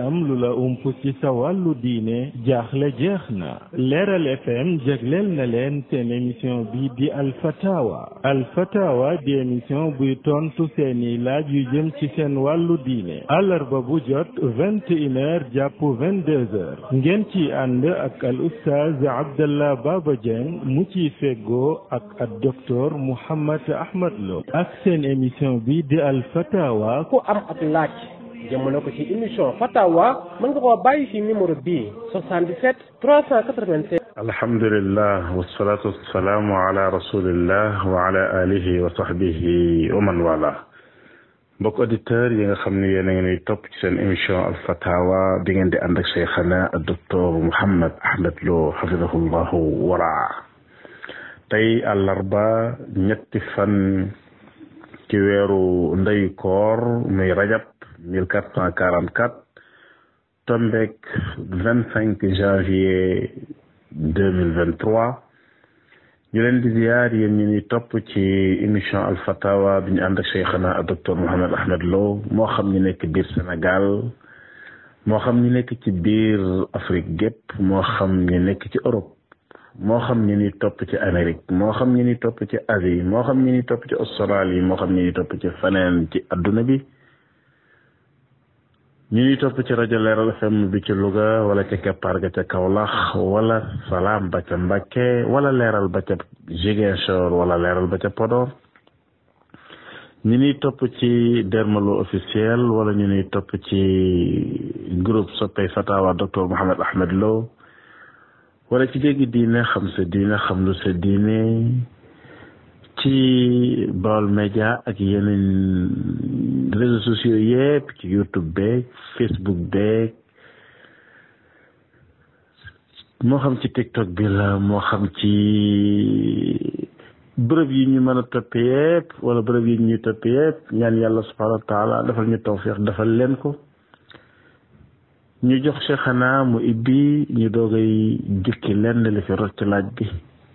am lu la ump ci sa wàllu diine jaaxle jeex na leeral fm jégleel na leen seen émission bi di alfatawa alfatawa di émission buy tontu seeni laaj yu jëm ci seen wàllu diine àllarba bu jot vingt et une heures jàpp vingt ngeen ci ànd ak al ustaaz abdallah baaba dieng mu ci feggoo ak ak docteur mouhammad ahmad lo ak seen émission bi di alfatawa ku am ab laaj jëmale ko ci émission fatawa mën nga koo bàyyi ci numéro bii 77 alhamdulillah wassalatu wassalaamu ala rasulillah wa ala alihi wala mbokk auditeurs yi nga xam ne yéen a ngi nuy topp ci seen émission al fatawa bi ngeen di ànd ak cheikhana docteur Mouhammad Ahmad Lo hafidahullahu waraa tey àllarba ñetti fan ci weeru ndeyu koor muy rajab mille quatre cent quarante quatre tombeek vingt cinq janvier deux mille vingt trois ñu leen di ziyaar yéen ñu ni topp ci émission Al Fatawa bi ñu ànd ak Cheikhana ak docteur Mouhamed Ahmed Lo moo xam ñu nekk biir Sénégal moo xam ñu nekk ci biir Afrique gépp moo xam ñu nekk ci Europe moo xam ñu ni topp ci Amérique moo xam ñu ni topp ci Asie moo xam ñu ni topp ci Australie moo xam ñu ni topp ci feneen ci adduna bi ñu ngi topp ci rajo Leeral FM bi ci Louga wala ca Keppaar ga ca Kaolack wala Salaam ba ca Mbacké wala Leeral ba ca Ziguinchor wala Leeral ba ca podo ñu ngi topp ci Dermalu officiel wala ñu ngi topp ci groupe soppey fatawa docteur Mouhamed Ahmed Lo wala ci dégg diine xam diine xam lu sa diine ci Baol Média ak yeneen réseaux sociaux yëpp ci YouTube beeg Facebook beeg moo xam ci TikTok bi la moo xam ci bërëb yi ñu mën a topp yëpp wala bërëb yi ñuy topp yëpp ñaan yàlla subhaanahu wa taala dafal ñu tawfiix dafal leen ko ñu jox xanaa mu ibbi ñu doogay jukki lenn li fi rot ci laaj bi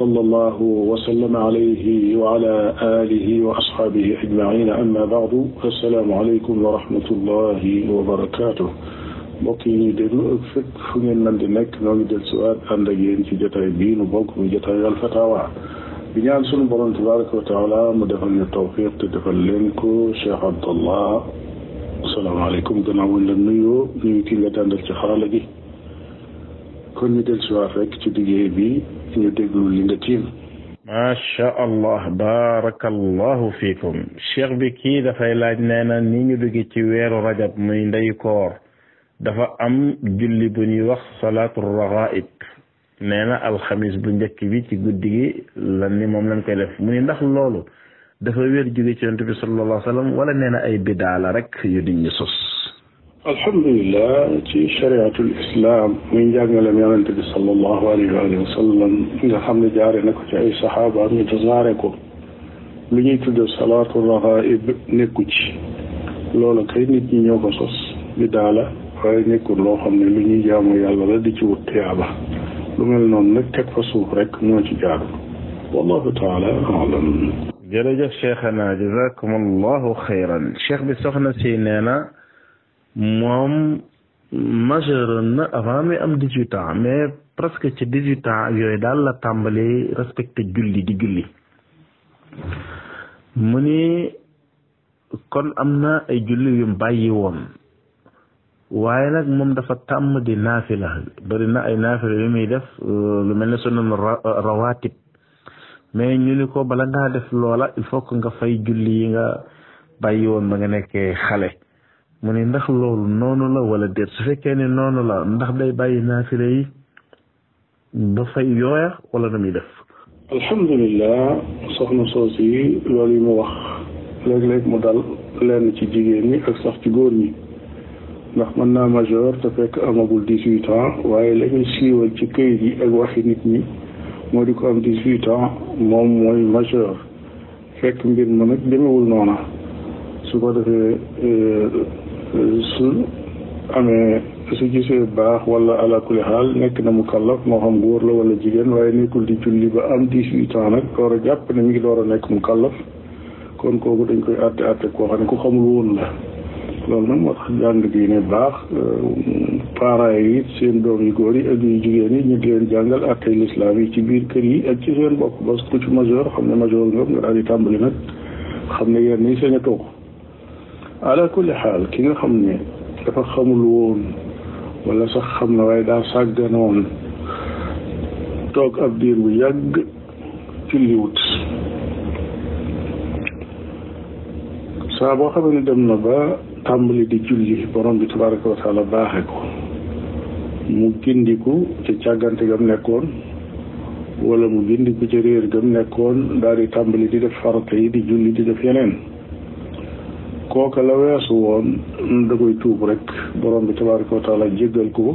sallallahu wa sallama alayhi wa ala alihi wa ashabihi ajmaina amma baadu assalaamu aleykum wa rahmatullahi wa barakaatu mbokk yi ñuy déglu ak fekk fu ngeen mën di nekk ñoo ngi del siwaat ànd ak yéen ci jotaay bii nu bokk mu jotaay al fatawa bi ñaan sunu borom tabaraka wa taala mu defal ñu tawfiq te defal leen ko Cheikh Abdallah asalaamaaleykum gannaaw wuñ la nuyoo nuyu ki nga dàndal ci xarala gi kon ñu del siwaat rek ci liggéey bi ñu déglu li nga tiim macha allah barakallahu fiikum cheikh bi kii dafay laaj nee na ni ñu dugg ci weeru rajab muy ndey koor dafa am julli bu ñuy wax salaatu ragaib nee na alxamis bu njëkk bi ci guddi gi lan ni moom lañ koy def mu ni ndax loolu dafa wér jóge ci yonent bi sallallahu alayhi wa wala nee na ay bidaa la rek yu nit ñi sos alhamdulilah ci chariatul islam muy njàngalem yonente bi sallallahu alayhi wa alihi wa sallam nga xam ne jaare na ko ci ay saxaaba ñu tasaare ko lu ñuy tudde salaatu raxaib nekku ci loola kay nit ñi ñoo ko sos bi daala waaye nekkul loo xam ne lu ñuy jaamu yàlla la di ci wut tiyaaba lu mel noonu nag teg fa suuf rek moo ci jaaru wallahu taala alam jërëjëf cheikhana jazakum allahu xayran cheikh bi soxna si nee na moom majeur na avant mi am dix huit ans mais presque ci dix huit ans ak yooyu daal la tàmbali respecté julli di julli mu ni kon am na ay julli yu bàyyi woon waaye nag moom dafa tàmm di naafila bari na ay naafila yu muy def euh, lu mel ne sunan rawaatib mais ñu ni ko bala ngaa def loola il faut que nga fay julli yi nga bàyyi woon ba nga nekkee xale mu ne ndax loolu noonu la wala déet su fekkee ne noonu la ndax day bàyyi naafile yi ba fay yooya wala na muy def. alhamdulilah soxna soos yi loolu yi mu wax léeg-léeg mu dal lenn ci jigéen ñi ak sox ci góor ñi ndax mën naa majeur te fekk amagul dix-huit ans waaye la ñuy siiwal ci këyit yi ak waxi nit ñi moo di ko am dix-huit ans moom mooy majeur fekk mbir ma nag demewul noona su ko defee. Euh, su amee su gisee baax wala ala kulli xaal nekk na mu kallaf moo xam góor la wala jigéen waaye nekkul di julli ba am dix-huit ans nag door a jàpp ne mi ngi door a nekk mu kallaf kon kooku dañ koy àtte àtte koo xam ne ku xamul woon la loolu baax euh, parents yi seen doom yu góor yi ak yu jigéen yi ñu ngi leen jàngal àtte lislaam yi ci biir kër yi ak ci seen bopp ba ku ci major xam ne majeur nga nga daal di tàmbali nag xam ne yéen ñi seen a toog ala kulli xaal ki nga xam ne dafa xamul woon wala sax xam na waaye daa sàgganoon toog ab diir bu yàgg julliwut saa boo xamee ne dem na ba tàmbali di julli borom bi tabaraka wa taala baaxe ko mu gindiku ci càggante gam nekkoon wala mu gindiku ci réer gam nekkoon daal di tàmbali di def farata yi di julli di def yeneen kooka la weesu woon da koy tuub rek borom bi tabaraka wa taala jéggal ko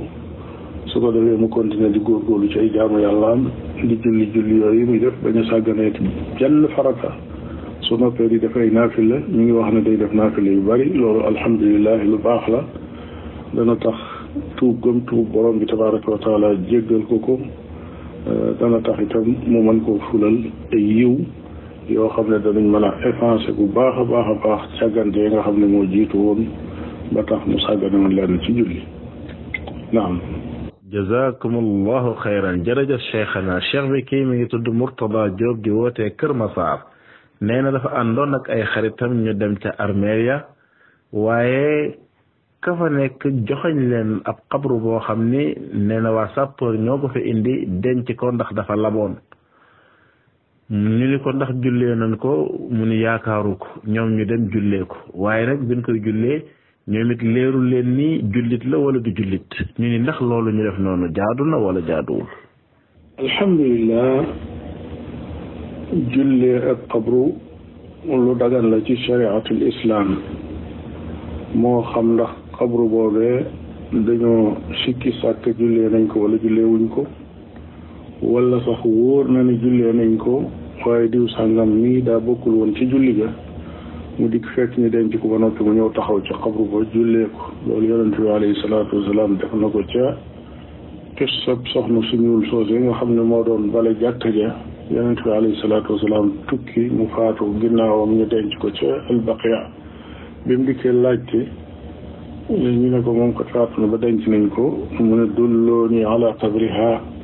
su ko defee mu continuer di góorgóorlu ci ay jaamu yàllaam di julli julli yooyu muy def bañ a sàgganee jenn farata su noppee di def ay naafila ñu ngi wax ne day def naafila yu bari loolu alhamdulilah lu baax la dana tax tuub gëm tuub borom bi tabaraka wa taala jéggal ko ko dana tax itam mu mën koo fulal ay yiw yoo xam a effacer bu baax a baax a xam ne moo jiitu woon tax mu sàggane woon lenn ci julli naam jazakum jërëjëf cheikhana cheikh bi kii mi ngi tudd Mourtada Diop di wootee Kër Masaar nee na dafa àndoon ak ay xaritam ñu dem ca armeel ya waaye ka fa nekk joxañ leen ab xabru boo xam ni nee na waa sapeur ñoo ko fi indi denc ko ndax dafa laboon ñu ni ko ndax jullee nañ ko mu ni yaakaaru ko ñoom ñu dem jullee ko waaye nag biñ koy jullee ñoom it leerul leen ni jullit la wala du jullit ñu ni ndax loolu ñu def noonu jaadu na wala jaaduwul alhamdulilah jullee ak xabru lu dagan la ci shariatul islam moo xam ndax xabru boobee dañoo sikki sàkk jullee nañ ko walla jullee wuñ ko wala sax wóor na ne jullee nañ ko waaye diw sàngam mii daa bokkul woon ci julli ga mu dikk fekk ñu denc ko ba noppi mu ñëw taxaw ca xabru ba jullee ko loolu yonent bi alayhi salaatu wasalaam def na ko ca kissab soxna su ñuul soose nga xam ne moo doon bale jàkka ja yonent bi alayhi salaatu tukki mu faatu ginnaawam ñu denc ko ca albaqiya bi mu dikkee laajte ñu ne ko moom kat faatu na ba denc nañ ko mu ne dullooni ala qabriha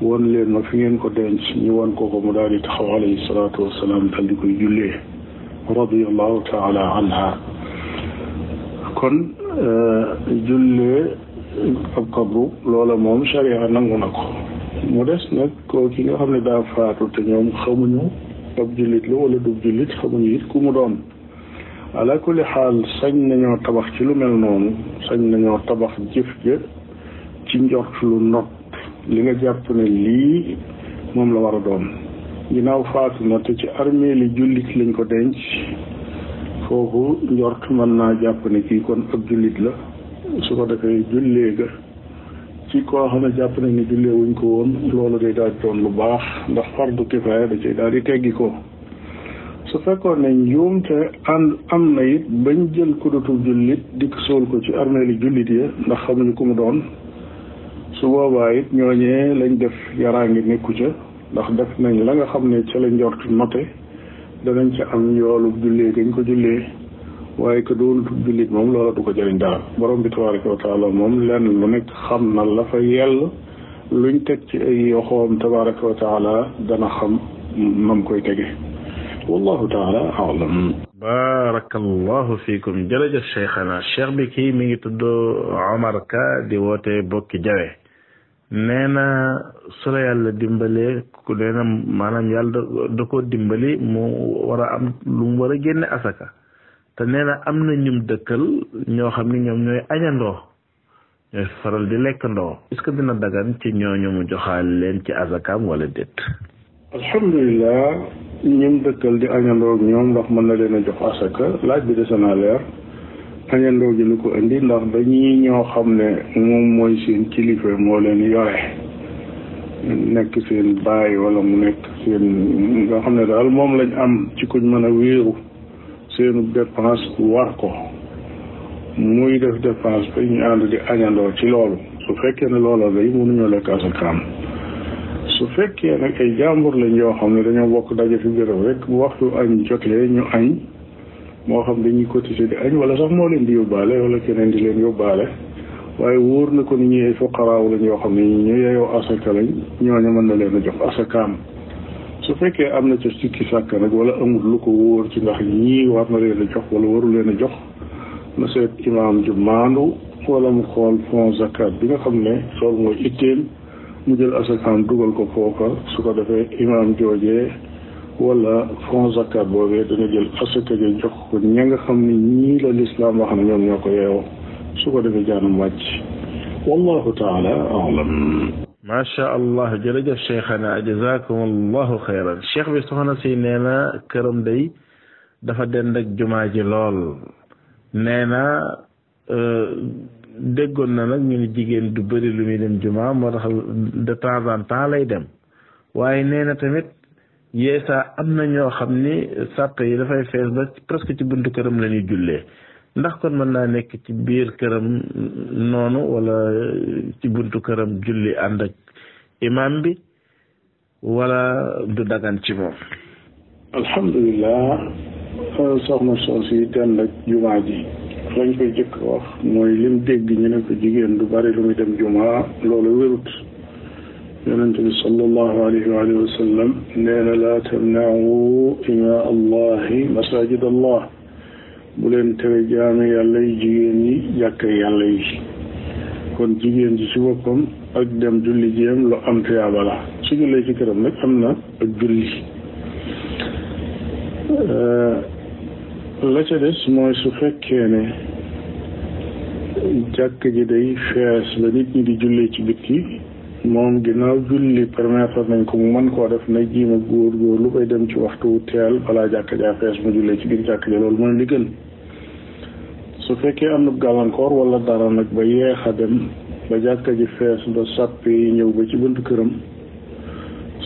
won leen ma fi ngeen ko denc ñu won ko ko mu daal di taxaw alayhi salaatu wasalaam daal di koy jullee radiallahu taala anha kon euh, jullee ab qabru loola moom sharia nangu na ko mu des nag koo nga xam ne daa faatu te ñoom xamuñu ab jullit la wala du jullit xamuñu it ku mu doon ala kulli xaal sañ nañoo tabax ci lu mel noonu sañ nañoo tabax jëf ja ci njort lu not li nga jàpp ne lii moom la war a doon ginnaaw faatu te ci armée li jullit lañ ko denc foofu njort mën naa jàpp ne kii kon ab jullit la su ko defee jullee ga ci koo xam ne jàpp nañ ne jullee wuñ ko woon loolu day daal doon lu baax ndax fardu kifaaya da cay daal di teggi ko su fekkoon ne njuumte ànd am na it bañ jël ko dutub jullit di ko ko ci armée jullit ya ndax xamuñu ku mu doon su boobaa it ñooñee lañ def yaraa ngi nekku ca ndax def nañ la nga xam ne ca la njort note danañ ca am yoolu jullee gañ ko jullee waaye que doon jullit moom loola du ko jëriñ dara borom bi tabaraka wa taala moom lenn lu nekk xam na la fa yell luñ teg ci ay yoxoom tabaraka wa dana xam mam koy tege wallahu taala alam barakallahu fiikum jërëjëf cheikhana bi ki mi ngi tudd Omar Ka di woote bokki jawe nee na su yàlla dimbalee ku nee maanaam yàlla da koo dimbali mu war a am lu mu war a génne asaka te nee na am na ñum dëkkal ñoo xam ni ñoom ñooy añandoo ñooy faral di lekkandoo est-ce que dina dagan ci ñooñu mu joxaal leen ci asakaam wala déet alhamdulilah ñum dëkkal di añandoo ak ñoom ndax mën na leen a jox asaka laaj bi dese naa leer añandoo gi ko indi ndax dañuy ñoo xam ne moom mooy seen kilifa moo leen yore nekk seen baay wala mu nekk seen nga xam ne daal moom lañ am ci kuñ mën a wéeru seenu dépense war ko muy def dépense ba ñu ànd di añandoo ci loolu su fekkee ne loola day mënuñoo lekk asakaam su fekkee nag ay jàmbur lañ yoo xam ne dañoo bokk daje fi béréb rek waxtu añ jotee ñu añ moo xam dañuy cotiser di añ wala sax moo leen di yóbbaale wala keneen di leen waaye wóor na ko ni ñuy ay fuqaraaw lañ yoo xam ne ñu yeyoo asaka lañ ñooñu mën na leen a jox asakaam su fekkee am na ca sikki sàkk nag wala amul lu ko wóor ci ndax ñii war na leen a jox wala warul leen a jox na seet imaam ju maandu wala mu xool fond zakat bi nga xam ne sool mooy itteel mu jël asakaam dugal ko foofa su ko defee imaam joojee wala fonds zakat boobee dana jël asaka ja jox ko ña nga xam ne ñii la lislaam wax ne ñoom ñoo ko yeewoo su ko defee jaanam wàcc wallahu taala alam macha allah jërëjëf cheikhana jazakum allahu xayran cheikh bi soxna si nee na këram day dafa dend jumaa ji lool nee na euh, déggoon na nag ñu ne jigéen du bëri lu muy dem jumaa moo tax de temps lay dem waaye nee tamit yeesa am na ñoo xam ni sàpp yi dafay fees ba presque ci buntu këram la ñuy jullee ndax kon mën naa nekk ci biir këram noonu walla ci buntu këram julli ànd ak imaam bi wala du dagan ci moom alhamdulilah soxna soos yi dend ak jumaa ji lañ koy wax mooy lim dégg ñu ne ko jigéen du bari lu muy dem jumaa loolu wérut yonent bi sallallahu alayhi wa alihi wa sallam nee na laa tamna'u ima allah bu leen tere jaami yàlla yi jigéen ñi yàlla yi kon jigéen ji ci boppam ak dem julli jéem loo am tuyaaba la su jullee ci këram nag am na ak julli la ca des mooy su fekkee ne ji day fees ba nit ñi di jullee ci bitti moom ginnaaw julli permettre nañ ko mu man koo def na jiima góor góor lu koy dem ci waxtu teel balaa jàkka ja fees mu jullee ci biir jàkka ja loolu mooy li gën su fekkee am na gàllankoor wala dara nag ba yeex a dem ba jàkka ji fees ba sàpp yi ñëw ba ci buntu këram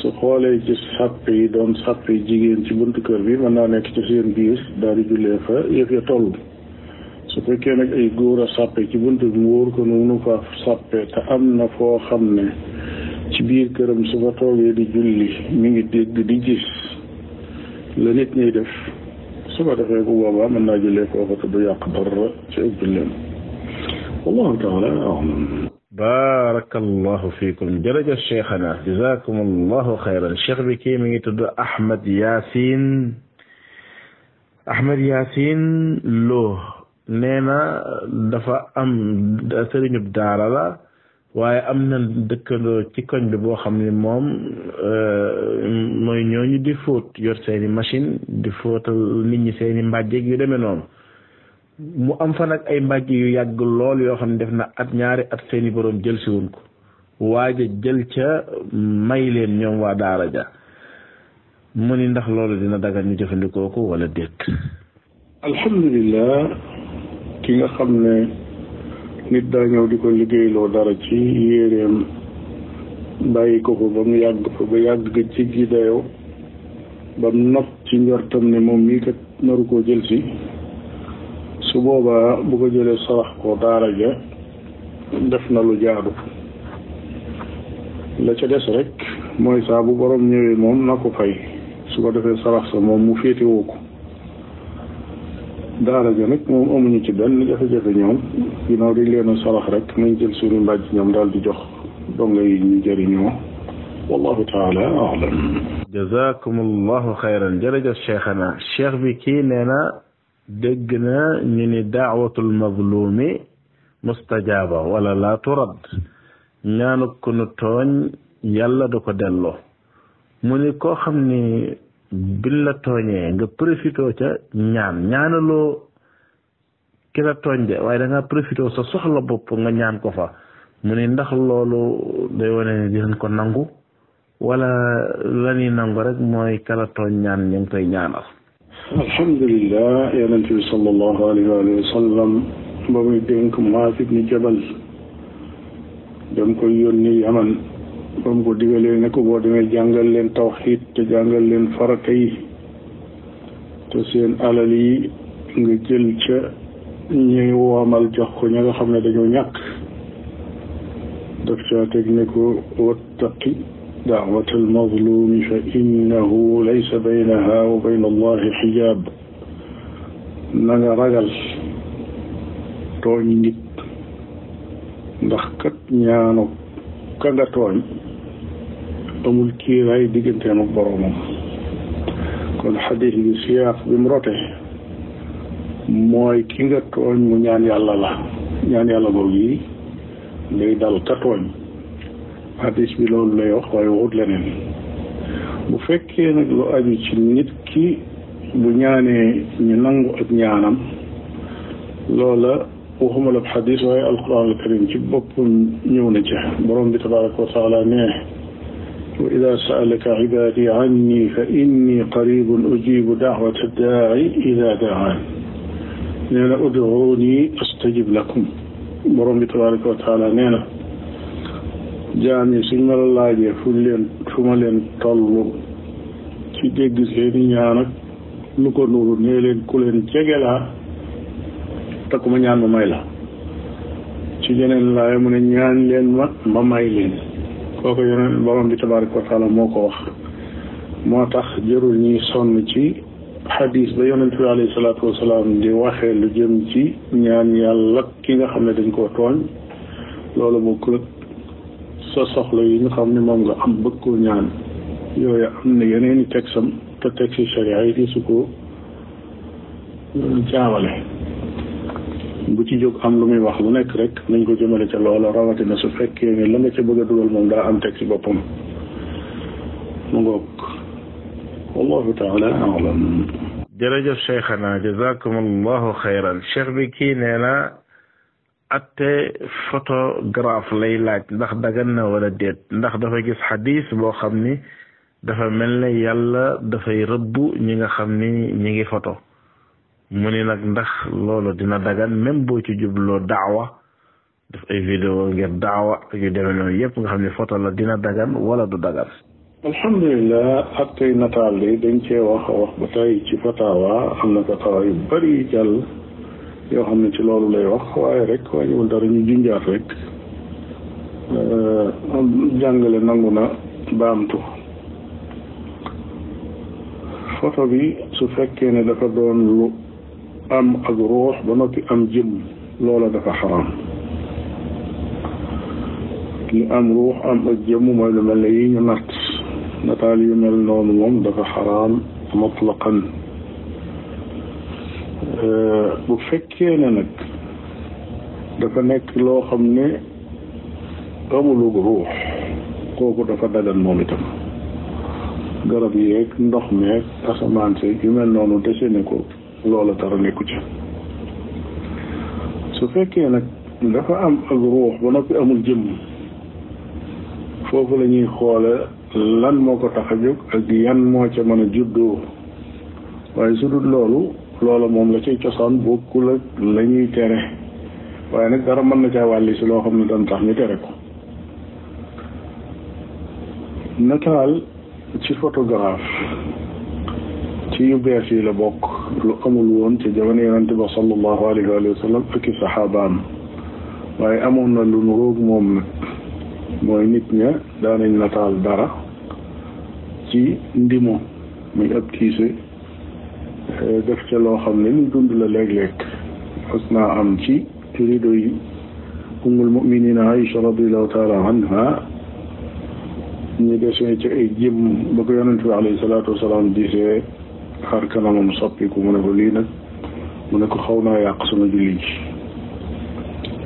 su xoolee ci sàpp yi doon sàpp jigéen ci buntu kër bi mën naa nekk ci seen biir daal di jullee fa yëf ya toll su fekkee nag ay góor a sàppe ci bunt bi mu wóor ko nu munu fa sàppe te am na foo xam ne ci biir këram su fa toogee di julli mi ngi dégg di gis la nit ñuy def su ko defee bu boobaa mën naa jullee foofa te du yàq dara ci ak julleem wallahu taala alam baarakallahu fiikum jërëjëf cheikhana jazakum allahu xayran cheikh bi kii mi ngi tudd Ahmed Yacine Ahmed Yacine Lo nee na dafa am sëriñub daara la waaye am na dëkkandoo ci koñ bi boo xam ne moom euh, mooy ñooñu di fóot yor seeni machine di fóotal nit ñi seeni mbàjjeeg yu demee noonu mu am fa nag ay mbàjj yu yàgg lool yoo xam ne def na at ñaari at seeni boroom jël siwuñ ko waaja jël ca may leen ñoom waa daara ja mu ni ndax loolu dina dagal ñu jëfandikoo ko wala déet alhamdulillah ki nga xam ne nit daa ñëw di ko liggéeyloo dara ci yéeréem bàyyi ko ko ba mu yàgg ko ba yàgg ci gi dayoo ba mu nopp ci njortam ne moom mii kat naru koo jël si su boobaa bu ko jëlee sarax ko daara ja def na lu jaadu la ca des rek mooy saabu bu ñëwee moom na ko fay su ko defee sarax sa moom mu féetewoo ko daara ja nag moom amuñu ci benn jafe-jafe ñoom ginnaaw dañ leen a rek nañ jël suñu mbàjj ñoom daal di jox donga yi ñu jëriñoo wallahu taala alam jazakum allahu xayran jërëjëf cheikhana cheikh bi kii nee na dégg na ñu ni daawatul mazlumi mustajaaba wala laa turad ñaanu ku nu tooñ yàlla du ko delloo mu ni koo xam ni biñ la tooñee nga profité ca ñaan ñaanaloo ki la tooñ de waaye danga ngaa profité sa soxla bopp nga ñaan ko fa mu ne ndax loolu day wane ne dinañ ko nangu wala la nangu rek mooy kala tooñ ñaan ñu ngi koy ñaanal. alhamdulilah yonent bi sallallahu alayhi wa sallam ba muy dénk Muaaz Jabal dem koy yónni Yaman. ba mu ko digalee ne ko boo demee jàngal leen tawxiid te jàngal leen farata te seen alal yi nga jël ca ñuy woomal jox ko ña nga xam ne dañoo ñàkk daf caa teg ne ko wattaqi daawata almazlumi fa innahu laysa baynaha wa bayna allahi xijaab na ragal tooñ nit kat ñaanu ka nga tooñ amul kiiraay digganteem ak boroomam kon xadis bi siyaaq bi mu rote mooy ki nga tooñ mu ñaan yàlla la ñaan yàlla boobu yi day dal ka tooñ xadis bi loolu lay wax waaye waxut leneen bu fekkee nag lu aju ci nit ki bu ñaanee ñu nangu ak ñaanam loola waxuma la xadis waaye alquran al karim ci boppam ñëw na ci borom bi tabaraka wa taala ne wa ida saalaka ibadi anni fa inni qaribun ujibu daawata daai ida daan nee na ud'uuni astajib lakum borom bi tabaraka wa taala nee na jaam yi suñ ma la laajee fu leen fu ma leen toll ci dégg seeni ñaan ak lu ko nuru nee leen ku leen jege laa te ma ñaan ma may la ci yeneen laay mu ne ñaan leen ma ma may leen kooku yeneen borom bi tabaraka wa moo ko wax moo tax jërul ñuy sonn ci xadis ba yonent bi alayhi di waxee lu jëm ci ñaan yàlla ki nga xam ne dañ koo tooñ loolu bokkul ak sa soxla yi nga xam ne moom nga am bëgg koo ñaan yooyu am na yeneen i tegsam teg si sharia yi di su ko jaawale bu ci jóg am lu muy wax lu nekk rek nañ ko jëmale ca loola rawatina su fekkee ne la nga ca bëgg a dugal moom daa am teg ci boppam mu ngoog wallahu taala alam jërëjëf cheikhana jazakum allahu xayran cheikh bi kii nee na atte photographe lay laaj ndax dagan na wala déet ndax dafa gis xadis boo xam ni dafa mel ne yàlla dafay rëbb ñi nga xam ni ñi ngi foto mu ni nag ndax loolu dina dagan même boo ci jubloo daawa def ay vidéo ngir daawa ak yu demee noonu yëpp nga xam ne photo la dina dagan wala du dagan alhamdulilah ak tey nataal bi dañ cee wax wax ba tey ci fatawa am na fatawa yu bëri jàll yoo xam ne ci loolu lay wax waaye rek wàññiwul dara ñu junjaat rek euh, jàngale nangu na baamtu photo bi su fekkee ne dafa doon am ak ruux ba noppi am jëmm loola dafa xaraam li am ruux am ak jëmm mooy lu mel ne yi ñu natt nataal yu mel noonu moom dafa xaraam mutlaqan eh, bu fekkee ne nag dafa nekk loo xam ne amulug ruux kooku dafa dagan moom itam garab yeeg ndox meeg asamaan si yu mel noonu dese ne ko loola dara nekku ci su fekkee nag dafa am ak ruux ba noppi amul jëmm foofu la ñuy xoole lan moo ko tax a jóg ak yan moo ca mën a juddoo waaye su dul loolu loola moom la ca cosaan bokkul ak lañuy ñuy tere waaye nag dara mën na ca wàlli si loo xam ne dana tax ñu tere ko nataal ci photographe ci yu bees la bokk lu amul woon ci jamono yonente ba sallallahu alayhi wa sallam ak i saxaabaam waaye amoon na lu nu roog moom mooy nit ña daanañ nataal dara ci ndimo muy ab tiise eh, def ca loo xam ne lu dund la léeg-léeg xas naa am ci rido yi umul muminina Aïcha radiallahu taala anha ñu desee ci ay jim ba ko yonente bi alayhi salaatu wasalaam disee xar kanamam soppiku mu ne ko lii nag mu ne ko xaw naa yàq sama julli ji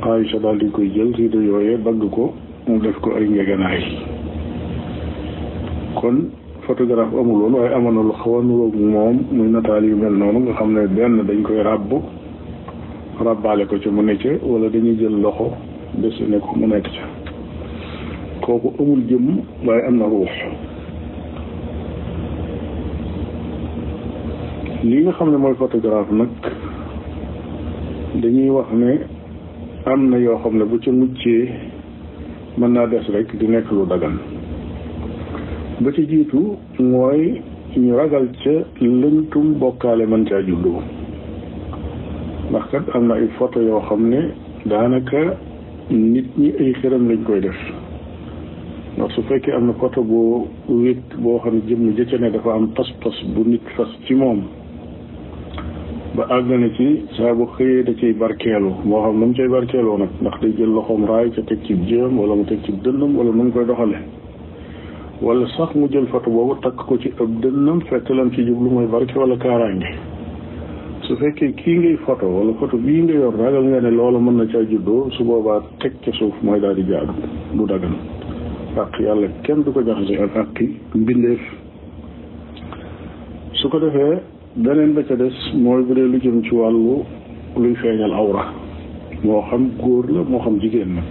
Aïcha daal di koy jël rido yooyee dagg ko mu def ko ay njeganaay kon photographe amul woon waaye amoon na lu xaw moom muy nataal yu mel noonu nga xam ne benn dañ koy ràbb ràbbaale ko ci mu ne ca walla dañuy jël loxo dessiné ko mu nekk ca kooku amul jëmm waaye am na ruux lii nga xam ne mooy photographe nag dañuy wax ne am na yoo xam ne bu ca muccee mën naa des rek di nekk lu dagan ba ca jiitu mooy ñu ragal ca lëntum bokkaale mën caa juddoo ndax kat am na ay photo yoo xam ne daanaka nit ñi ay xëram lañ koy def ndax su fekkee am na photo boo wét boo xam ne jëmm jëcca ne dafa am pas-pas bu nit fas ci moom ba àgg na ci saa xëyee da ciy barkeelu moo xam nu mu cay barkeeloo nag ndax day jël loxoom raay ca teg ci jéem wala mu teg ci dënnam wala nu mu koy doxale wala sax mu jël fatu boobu takk ko ci ab dënnam fekk lam ci jublu mooy barke wala kaaraange su fekkee kii ngay foto wala foto bii nga yor ragal nga ne loola mën na caa juddoo su boobaa teg ca suuf mooy daal di jaadu du dagan àq yàlla kenn du ko jaxase ak àqi mbindeef su ko defee beneen ba ca des mooy bu dee lu jëm ci wàllu luy feeñal awra moo xam góor la moo xam jigéen la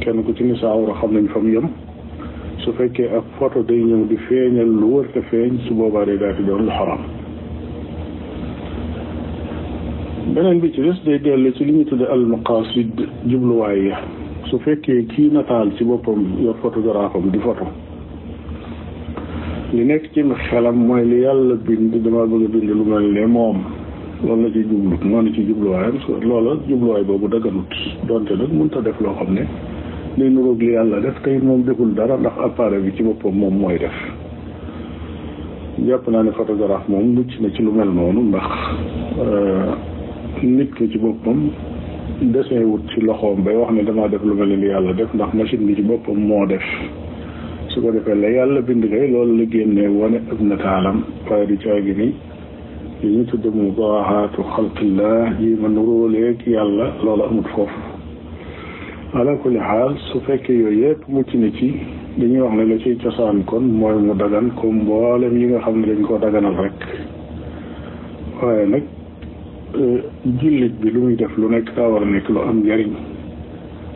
kenn ku ci ni sa awra xam nañ fa mu yem su fekkee ak photo day ñëw di feeñal lu wër te feeñ su boobaa day daal di doon lu xaram beneen bi ci des day dell ci li ñu tudde al jubluwaay ya su fekkee kii nataal ci boppam yor photographe am di foto li nekk ci xelam mooy li yàlla bind dama bëgg bind lu mel ne moom loolu na ci jublu noonu ci jubluwaayam loola jubluwaay boobu daganut donte nag mënut a def loo xam ne day nuroog li yàlla def tey moom deful dara ndax appareil bi ci boppam moom mooy def jàpp naa ne photographe moom mucc na ci lu mel noonu ndax euh, nit ki ci boppam desin wut ci loxoom bay wax ne damaa def lu mel ni yàlla def ndax machine bi ci boppam moo def su ko defee la yàlla bind kay loolu la génne wane ab nataalam waaye di caagi ni li ñu tudd mu baaxaatu xalqillah yi ma nuróoleeg yàlla loolu amut foofu ala kulli xaal su fekkee yooyu yëpp mucc na ci dañuy wax ne la ciy cosaan kon mooy mu dagan comme mboolem yi nga xam ne dañ koo daganal rek waaye nag euh, jullit bi lu muy def lu nekk daa war a lu am njariñ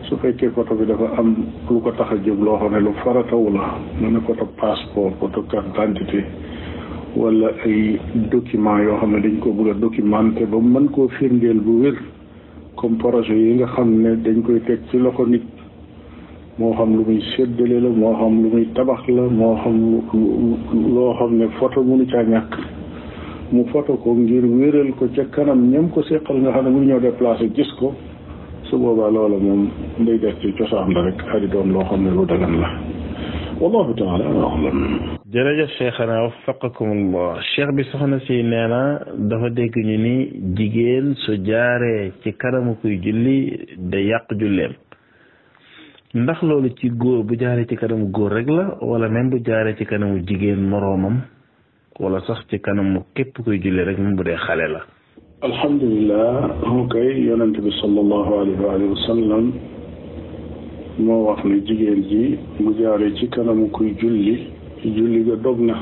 su fekkee koto bi dafa am lu ko tax a jóg loo xam ne lu farataw la mu ne koto passeport koto carte d'identité wala ay document yoo xam ne dañ ko bëgg a documenté ba mën koo firndeel bu wér comme projet yi nga xam ne dañ koy teg ci loxo nit moo xam lu muy séddale la moo xam lu muy tabax la moo xam loo xam ne photo mënu caa ñàkk mu photo ko ngir wéral ko ca kanam ñam ko seqal nga xam ne muy ñëw déplacé gis ko su boobaa loola moom day def ci cosaan la rek xëy doon loo xam ne lu dagan la wallahu taala alam jërëjëf cheikhana waffaqakum allah cheikh bi soxna si nee na dafa dégg ñu ni jigéen su jaaree ci kanamu kuy julli da yàq julleem ndax loolu ci góor bu jaaree ci kanamu góor rek la wala même bu jaaree ci kanamu jigéen moroomam wala sax ci kanamu képp kuy julli rek moom bu dee xale la alhamdulilah mu koy yonent bi sallallahu alayhi wa sallam moo wax ni jigéen ji mu jaaree ci kanamu kuy julli julli ga dog na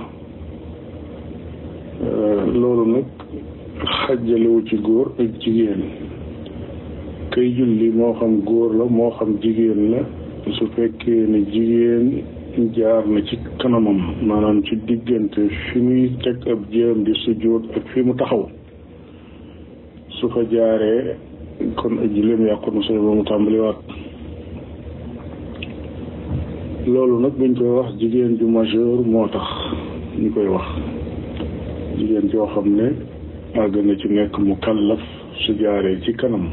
euh, loolu nag xajjalewu ci góor ak jigéen kay julli moo góor la moo xam jigéen la su fekkee ne jigéen jaar na ci kanamam maanaam ci diggante fi muy teg ab jéem di sujjóot ak fi mu taxaw su fa jaaree kon ak julleem yàqu ba mu tàmbaliwaat loolu nag buñ koy wax jigéen ju majeur moo tax ñu koy wax jigéen joo xam ne àgg na ci nekk mu kallaf su jaaree ci kanam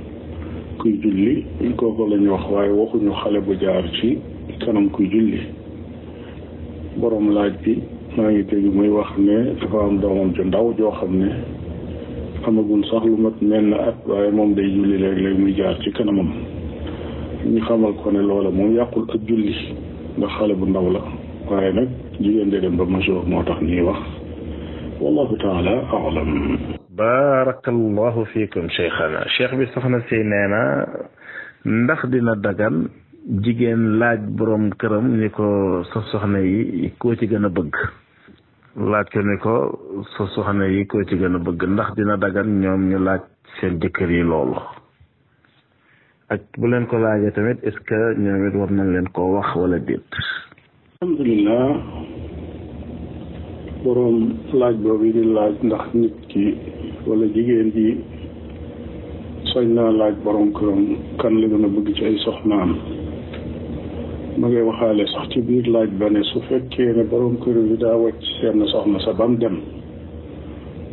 kuy julli kooku lañ wax waaye waxuñu xale bu jaar ci kanam kuy julli borom laaj bi maa ngi tegu muy wax ne ko am doomam ju ndaw joo xam ne amagul sax lu mat menn at waaye moom day julli léeg-léeg muy jaar ci kanamam ñu xamal ko ne loola moom yàqul ak julli ndax xale bu ndaw la waaye nag jigéen de dem ba majeur moo tax ñuy wax wallahu taala alam barakallahu fikum cheikhana cheikh bi soxna si nee na ndax dina dagan jigéen laaj boroom këram ni ko soxna yi koo ci gën a bëgg laaj ko ni ko sa soxna yi ko ci gën a bëgg ndax dina dagan ñoom ñu laaj seen jëkkër yi loolu ak bu leen ko laajee tamit est-ce que ñoom it war nañ leen koo wax wala déet alhamdulilah boroom laaj boobu di laaj ndax nit ki wala jigéen ji soñ naa laaj boroom këram kan la gën a bëgg ci ay soxnaam ma ngay waxaale sax ci biir laaj ba ne su fekkee ne borom kur bi daa wàcc seen soxna sa bam dem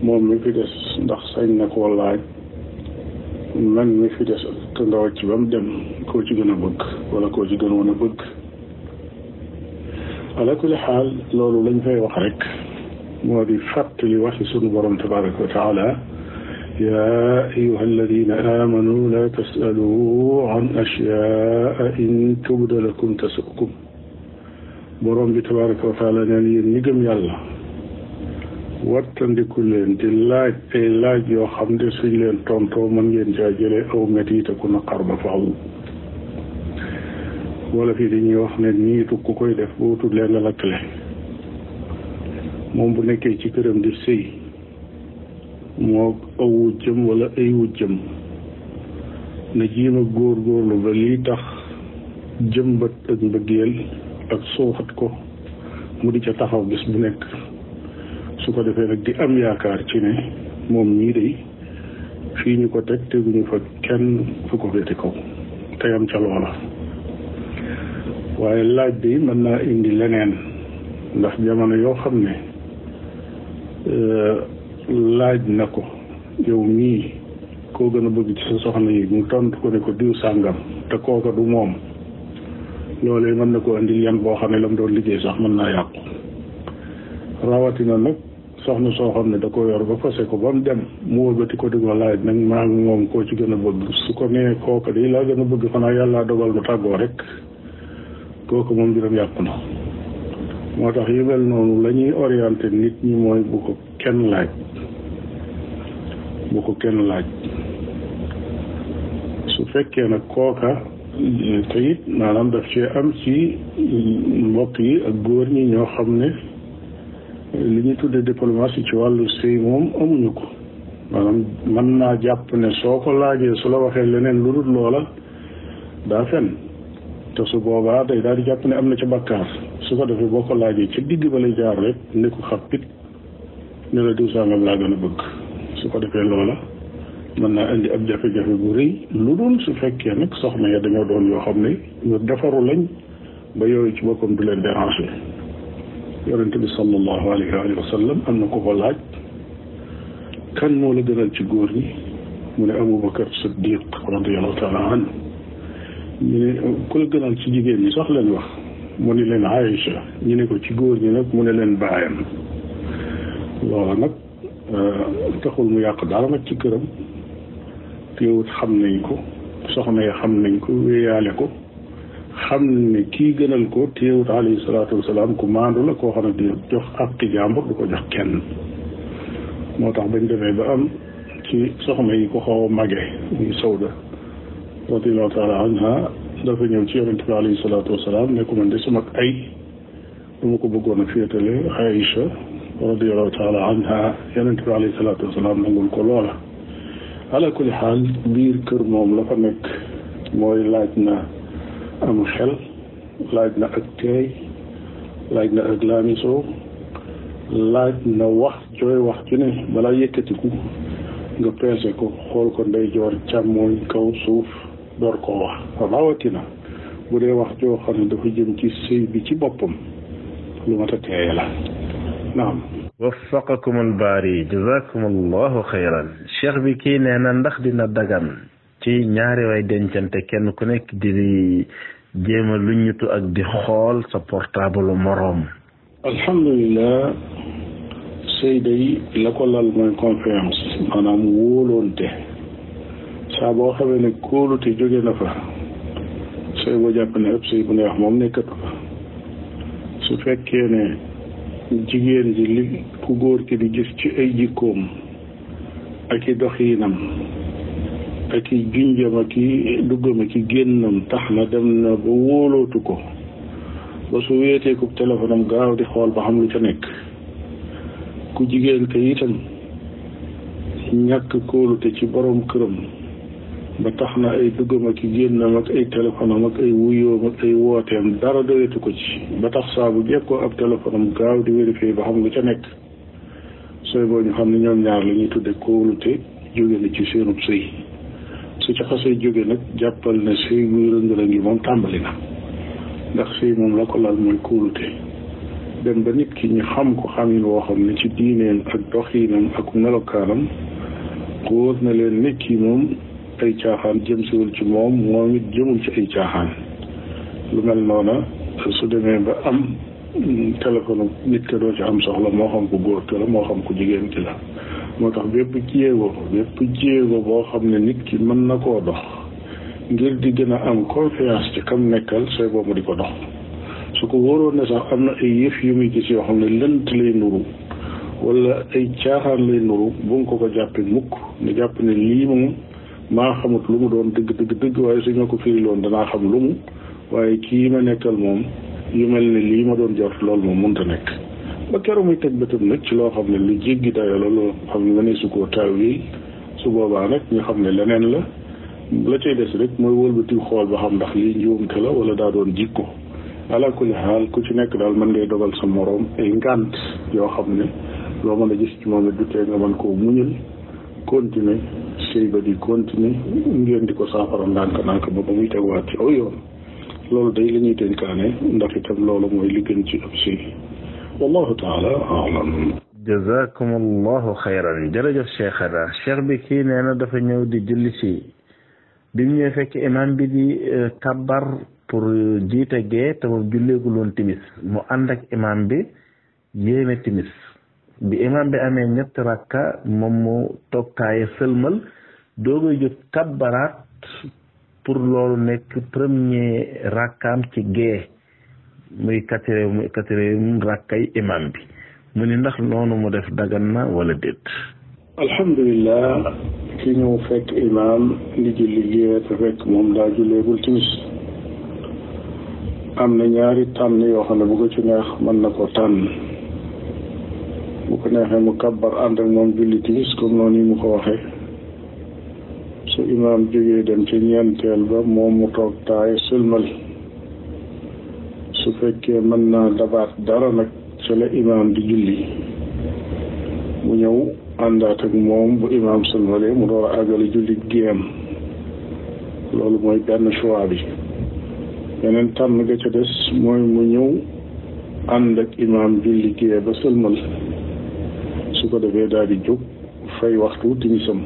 moom mi fi des ndax sañ na koo laaj man mi fi des te nga wàcc ba mu dem koo ci gën a wala koo ci gën woon bëgg ala kulli xaal loolu lañ fay wax rek moo di fàttali waxi sunu borom tabaraka wa taala يا أيها الذين آمنوا لا تسألوا عن أشياء إن تبد لكم تسؤكم borom bi tabaraka wa taala neen yéen ñi gëm yàlla wattandiku leen di laaj ay laaj yoo xam ne suñ leen tontoo mën ngeen caa jëlee aw métit ku naqar ba faaw wala fii dañuy wax ne niitu ku koy def boo tudd leen la lakkale moom bu nekkee ci këram di sëy moo aw jëm wala ay jëm na jéem góor góorgóorlu ba lii tax jëmbat ak mbëggeel ak suuxat ko mu di ca taxaw bis bu nekk su ko defee nag di am yaakaar ci ne moom ñii day fii ñu ko teg teguñu fa kenn fu ko féete kaw tey am ca loola waaye laaj bi mën naa indi leneen ndax jamono yoo xam ne euh, laaj na ko yow mii koo gën a bëgg ci sa soxna yi mu tontu ko ne ko diw sàngam te kooka du moom loolee mën na koo andil yan boo xam ne la mu doon liggéey sax mën naa yàqu rawatina nag soxna soo xam ne da ko yor ba fase ko ba mu dem mu wëlbati ko di ko laaj nag maa ngi moom koo ci gën a bëgg su ko nee kooka di laa gën a bëgg xanaa yàlla dogal mu tàggoo rek kooka moom mbiram yàqu na moo tax yu mel noonu la ñuy orienté nit ñi mooy bu ko kenn laaj bu ko kenn laaj su fekkee nag kooka te it maanaam def ci am ci mbokk yi ak góor ñi ñoo xam ne li ñu tuddee diplomatie ci wàllu sëy moom amuñu ko maanaam mën naa jàpp ne soo ko laajee su la waxee leneen lu dul loola daa fen te su boobaa day daal di jàpp ne am na ci bakkaar su ko defee boo ko laajee ca digg ba lay jaar rek ne ko xappit ne la diw laa gën a bëgg su ko defee loola mën naa indi ab jafe-jafe bu rëy lu dul su fekkee nag soxna ya dañoo doon yoo xam ne ñu defaru lañ ba yooyu ci boppam du leen déranger yonent bi sallallahu alayhi wa sallam am na ko ko laaj kan moo la gënal ci góor ñi mu ne Abubakar Siddiq radiyallahu taala an ñu ku la gënal ci jigéen ñi sax leen wax mu ne leen Aïcha ñu ne ko ci góor ñi nag mu ne leen baayam loola nag euh, taxul mu yàq dara nag ci këram teewut xam nañ ko soxna yi xam nañ ko wéyaale ko xam ne kii gënal ko teewut alayhi salaatu wasalaam ku maandu la koo xam ne di jox àqi jàmbur du ko jox kenn moo tax bañ demee ba am ci soxna yi ko xaw a mage muy sawda radiyallahu taala anha dafa ñëw ci yonent bi alayhi salaatu wasalaam ne ko man de sama ay lu ma ko bëggoon a féetale Aïcha radiallahu taala anha yonent bi alayhi salaatu wasalaam nangul ko loola ala kulli xaal biir kër moom la fa nekk mooy laaj na am xel laaj na ak teey laaj na ak laamisoo laaj na wax jooy wax ju ne balaa yëkkatiku nga peese ko xool ko ndeyjoor càmmooñ kaw suuf door koo wax rawatina bu dee wax joo xam dafa jëm ci sëy bi ci boppam lu ma a teeye la naam waffaqakum albaari jazakum allahu xayran cheikh bi kii nee na ndax dina dagan ci ñaari way dencante kenn ku nekk di jéem a luññutu ak di xool sa portable moroom alhamdulilah sëy day la ko lal mooy confiance maanaam wóoloonte saa boo xamee ne kóolute jóge na fa sëy boo jàpp ne ëpp sëy bu neex moom nekkatu fa su fekkee ne jigéen ji li ku góor ki di gis ci ay jikkoom ak i doxiinam ak i junjam ak i duggam ak i génnam tax na dem na ba wóolootu ko ba su wéetee ko téléphone gaaw di xool ba xam lu ca nekk ku jigéen ka itam ñàkk kóolute ci borom këram ba tax na ay duggam ki génnam ak ay téléphone ak ay wuyoom ak ay wooteem dara doyatu ko ci ba tax saabu jekkoo ak téléphone gaaw di vérifier ba xam lu ca nekk sooy boo ñu xam ne ñoom ñaar la ñuy tudde kóolute jóge na ci seenub sëy su ca xasee jóge nag jàppal ne sëy buy rëng-rëngi moom tàmbali na ndax sëy moom la ko lal mooy kóolute dem ba nit ki ñu xam ko xamin woo xam ne ci diineem ak doxiinam ak melokaanam wóor na leen ne moom ay caaxaan jëm siwul ci moom moom it jëmul ci ay caaxaan lu mel noona su demee ba am mm, téléphone nit ka doo ci am soxla moo xam ko góor ki la moo xam ko jigéen ki la moo tax bépp jéego bépp jéego boo xam ne nit ki mën na koo dox ngir di gën a am confiance ci kam nekkal sooy boobu di ko dox su ko wóoroon ne sax am na ay yëf yu muy gis yoo xam ne lënt lay nuru walla ay caaxaan lay nuru bu nga ko ko jàppee mukk ne jàpp ne lii moom maa xamut lu mu doon dëgg dëgg dëgg waaye suñ ma ko firiloon danaa xam lu mu waaye kii ma nekkal moom yu mel ni lii ma doon jot loolu moom mënta nekk ba keroog muy teg bëtam nag ci loo xam ne lu jéggi dayo la loo xam ne mënee su koo taw yi su boobaa nag ñu xam ne leneen la la cay des rek mooy wëlbati xool ba xam ndax lii njuumte la wala daa doon jikko ala kulli xaal ku ci nekk daal mën ngay dogal sa moroom ay ngànt yoo xam ne loo mën a gis ci moom it du tee nga mën koo muñal continuer sëy ba di continuer ngeen di ko saafara ndànk-ndànk ba ba muy teguwaat ci aw day la ñuy dénkaane ndax itam loolu mooy li ci ab sëy wallahu taala alam jazakum bi kii nee na dafa ñëw di julli si bi mu ñëwee imam bi di kabar euh, pour euh, jiite gee te moom julleeguloon timis mu ànd ak imam bi yéeme timis bi imam bi amee ñetti rakka moom mu toog sëlmal doo koy jóg kabbaraat pour loolu nekk premier rakkaam ci gée muy quatrième quatrième rakkay imam bi mu ni ndax noonu mu def dagan na wala déet alhamdulilah ki ñëw fekk imam li julli gée te fekk moom daa julleegul timis am na ñaari tànn yoo xam ne bu ko ci neex mën na ko tànn bu ko neexee mu kabbar ak moom julli timis comme noonu mu ko waxee su imaam jógee dem ci ñeenteel ba moom mu toog taay sëlmal su fekkee mën naa dabaat dara nag ci la imaam di julli mu ñëw àndaat ak moom bu imaam sëlmalee mu door a àggale julli géem loolu mooy benn choix bi beneen tànn ga ca des mooy mu ñëw ànd ak imaam julli gée ba sëlmal su ko defee daal di jóg fay waxtu timisam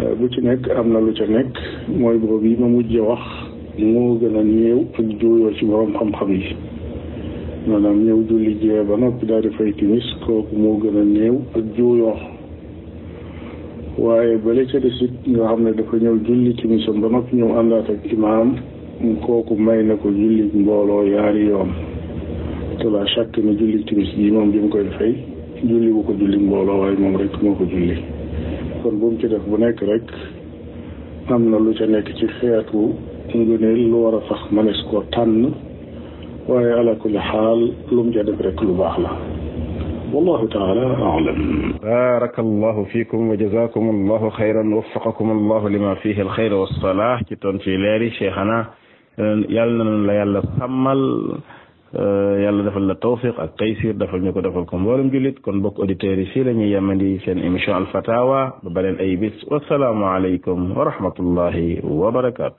Euh, bu ci nekk am na lu ca nekk mooy boobu yi ma mujje wax moo gën a néew ak juuyoo ci borom xam-xam yi maanaam ñëw julli ba noppi daal di fay timis kooku gën a néew ak juuyoo waaye bale ca des nga xam ne dafa ñëw julli timisam ba noppi ñëw àndaat ak imaam kooku may na ko julli mbooloo yaari yoon te la chaque ne julli timis bii moom bi mu koy fay julli bu ko julli mbooloo waaye moom rek moo ko julli kon bu mu ci def bu nekk rek am na lu ca nekk ci xeetu ngëneel lu war a sax mënees koo tànn waaye ala kulli xaal lu mu ca def rek lu baax la wallahu taala alam baraka allahu fiikum wa jazakum allahu xayran waffaqakum allahu lima fihi alxayr wassalah ci toon fii leeri cheikhana yàlla na la yàlla sàmmal Euh, yàlla defal la tawfiq ak taysir defal ñu ko defal ko mboolem jullit kon bokk auditeurs yi fii la ñuy yemandi seen émission Al Fatawa ba beneen ay bis wasalaamu aleykum wa rahmatullahi wa barakaatu.